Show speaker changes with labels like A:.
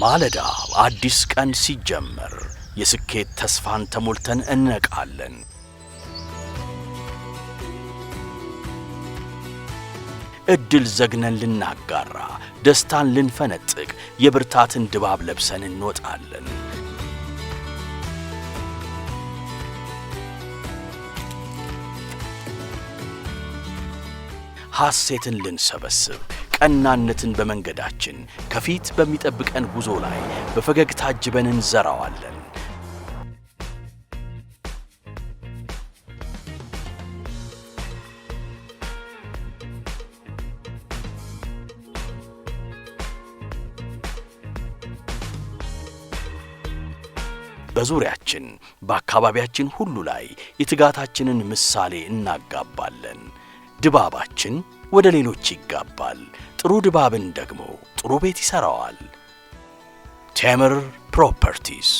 A: ማለዳ አዲስ ቀን ሲጀመር የስኬት ተስፋን ተሞልተን እንነቃለን። እድል ዘግነን ልናጋራ፣ ደስታን ልንፈነጥቅ፣ የብርታትን ድባብ ለብሰን እንወጣለን። ሐሴትን ልንሰበስብ ቀናነትን በመንገዳችን ከፊት በሚጠብቀን ጉዞ ላይ በፈገግታ አጅበን እንዘራዋለን። በዙሪያችን በአካባቢያችን ሁሉ ላይ የትጋታችንን ምሳሌ እናጋባለን። ድባባችን ወደ ሌሎች ይጋባል። ጥሩ ድባብን ደግሞ ጥሩ ቤት ይሰራዋል። ቴምር ፕሮፐርቲስ